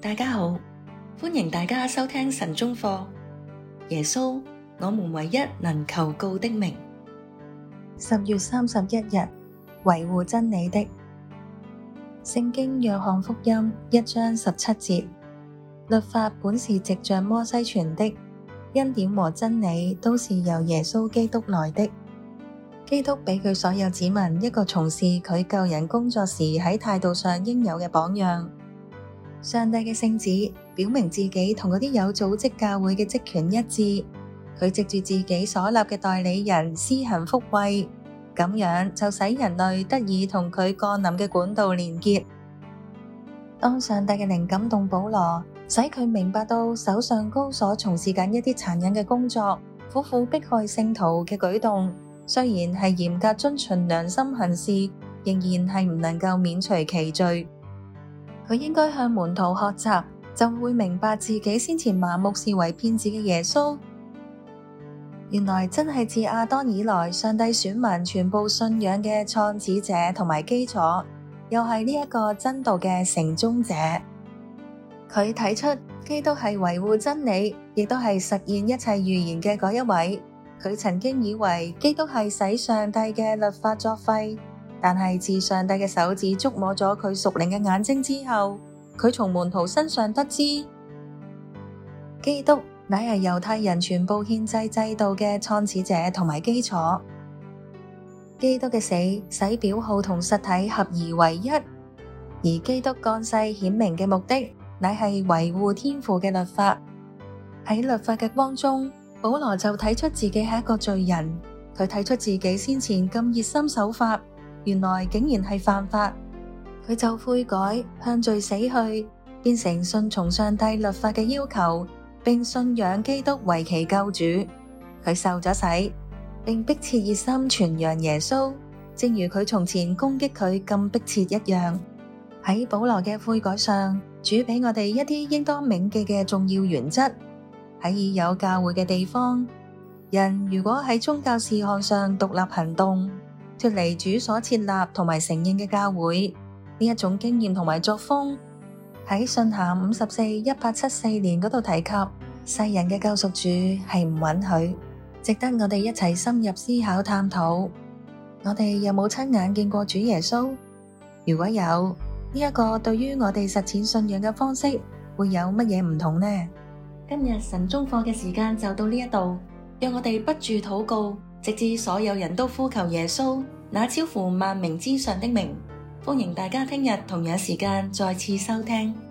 大家好，歡迎大家收聽晨鐘課。耶穌，我們唯一能求告的名。十月三十一日，維護真理的。聖經，約翰福音一章十七節，律法本是藉着摩西傳的，恩典和真理都是由耶穌基督來的。基督俾佢所有子民一個從事佢救人工作時喺態度上應有嘅榜樣。上帝嘅聖旨表明自己同嗰啲有組織教會嘅職權一致，佢藉住自己所立嘅代理人施行福惠，咁樣就使人類得以同佢降臨嘅管道連結。當上帝嘅靈感動保羅，使佢明白到手上高所從事緊一啲殘忍嘅工作，苦苦迫害聖徒嘅舉動，雖然係嚴格遵循良心行事，仍然係唔能夠免除其罪。佢應該向門徒學習，就會明白自己先前盲目視為騙子嘅耶穌，原來真係自亞當以來上帝選民全部信仰嘅創始者同埋基礎，又係呢一個真道嘅成終者。佢睇出基督係維護真理，亦都係實現一切預言嘅嗰一位。佢曾經以為基督係使上帝嘅律法作廢。但係，自上帝嘅手指觸摸咗佢熟靈嘅眼睛之後，佢從門徒身上得知，基督乃係猶太人全部獻祭制度嘅創始者同埋基礎。基督嘅死使表號同實體合而為一，而基督降世顯明嘅目的乃係維護天父嘅律法。喺律法嘅光中，保羅就睇出自己係一個罪人。佢睇出自己先前咁熱心守法，原來竟然係犯法，佢就悔改，向罪死去，變成信從上帝律法嘅要求，並信仰基督為其救主。佢受咗洗，並迫切熱心傳揚耶穌，正如佢從前攻擊佢咁迫切一樣。喺保羅嘅悔改上，主俾我哋一啲應當銘記嘅重要原則。喺已有教會嘅地方，人如果喺宗教事項上獨立行動，脫離主所設立同埋承認嘅教會呢一種經驗同埋作風，喺信函五十四一八七四年嗰度提及，世人嘅救贖主係唔允許，值得我哋一齊深入思考探討。我哋有冇親眼見過主耶穌？如果有呢一個對於我哋實踐信仰嘅方式，會有乜嘢唔同呢？今日神宗課嘅時間就到呢一度，讓我哋不住禱告。直至所有人都呼求耶穌那超乎萬名之上的名，歡迎大家聽日同樣時間再次收聽。